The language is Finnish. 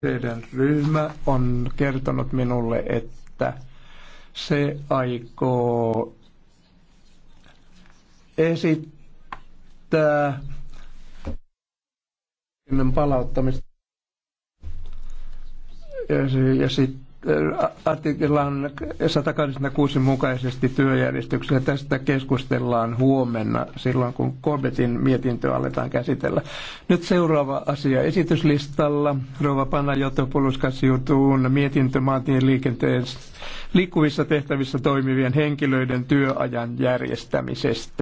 Teidän ryhmä on kertonut minulle, että se aikoo esittää palauttamista ja sitten artiklan 186 mukaisesti työjärjestyksessä. Tästä keskustellaan huomenna silloin, kun Corbettin mietintöä aletaan käsitellä. Nyt seuraava asia esityslistalla. Rova panna, Panajotopoulos Kassiutuun mietintö maantien liikenteen liikkuvissa tehtävissä toimivien henkilöiden työajan järjestämisestä.